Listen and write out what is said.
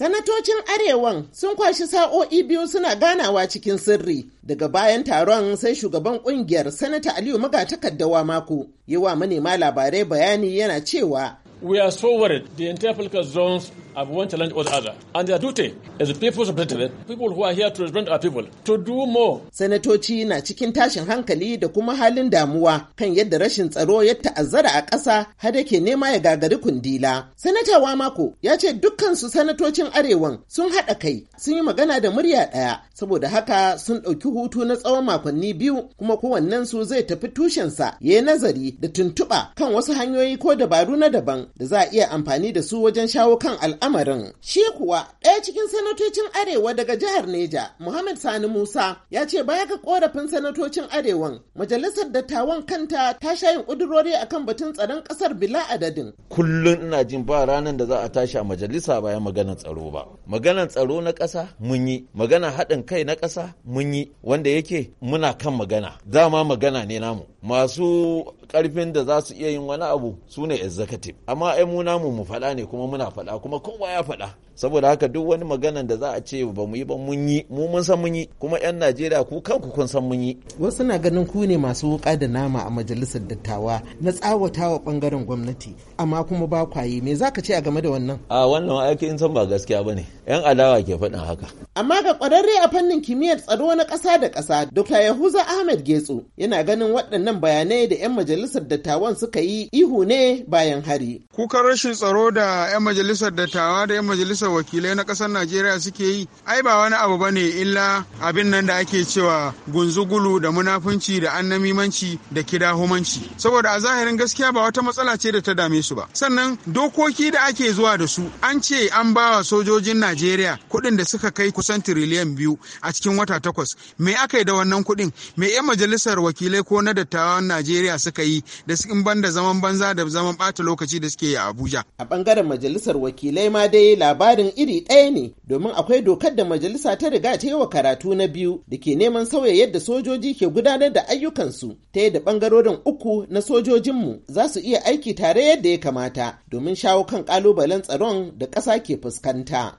Sanatocin Arewan sun kwashi sa'o'i biyu suna ganawa cikin sirri. Daga bayan taron sai shugaban kungiyar Sanata Aliyu Maga takaddawa mako. Yawa manema labarai bayani yana cewa We are so worried the entire political zones of one challenge or the other. And their duty as the people's representative, people who are here to represent our people, to do more. Sanatoci na cikin tashin hankali da kuma halin damuwa kan yadda rashin tsaro ya ta'azzara a ƙasa har yake nema ya gagari kundila. Sanatawa mako ya ce dukkan su sanatocin arewan sun haɗa kai sun yi magana da murya ɗaya saboda haka sun ɗauki hutu na tsawon makonni biyu kuma kowannen su zai tafi tushensa ya yi nazari da tuntuɓa kan wasu hanyoyi ko dabaru na daban da za a iya amfani da su wajen shawo kan al'adu. al'amarin. Shi kuwa ɗaya cikin sanatocin Arewa daga jihar Neja, Muhammad Sani Musa, ya ce baya ga korafin sanatocin Arewan, majalisar dattawan kanta ta sha yin ƙudurori akan batun tsaron ƙasar bila adadin. Kullum ina jin ba ranar da za a tashi a majalisa bayan maganar tsaro ba. maganan tsaro na ƙasa mun yi magana haɗin kai na ƙasa mun yi wanda yake muna kan magana dama magana ne namu masu ƙarfin da za su iya yin wani abu su ne executive amma ai mu namu mu faɗa ne kuma muna faɗa kuma kowa ya faɗa saboda haka duk wani maganan da za a ce ba mu yi ba mun yi mu mun san mun yi kuma yan najeriya ku kanku kun san mun yi wasu na ganin ku ne masu wuka da nama a majalisar dattawa na tsawatawa bangaren gwamnati amma kuma ba kwaye me zaka ce a game da wannan a wannan aikin san ba gaskiya bane 'yan adawa ke faɗin haka. Amma ga ƙwararre a fannin kimiyyar tsaro na ƙasa da ƙasa, Dr. Yahuza Ahmed Getsu yana ganin waɗannan bayanai da 'yan majalisar dattawan suka yi ihu ne bayan hari. Kukan rashin tsaro da 'yan majalisar dattawa da 'yan majalisar wakilai na ƙasar Najeriya suke yi, ai ba wani abu bane illa abin nan da ake cewa gunzugulu da munafunci da annamimanci da kidahumanci. Saboda a zahirin gaskiya ba wata matsala ce da ta dame su ba. Sannan dokoki da ake zuwa da su an ce an bawa sojojin Najeriya kuɗin da suka kai kusan tiriliyan biyu a cikin wata takwas. Me aka yi da wannan kuɗin? Me 'yan majalisar wakilai ko na dattawan Najeriya suka yi da su in banda zaman banza da zaman ɓata lokaci da suke yi a Abuja? A ɓangaren majalisar wakilai ma dai labarin iri ɗaya ne domin akwai dokar da majalisa ta riga ta yi wa karatu na biyu da ke neman sauya yadda sojoji ke gudanar da ayyukansu ta yadda ɓangarorin uku na sojojinmu za su iya aiki tare yadda ya kamata domin shawo kan ƙalubalen tsaron da ƙasa ke fuskanta.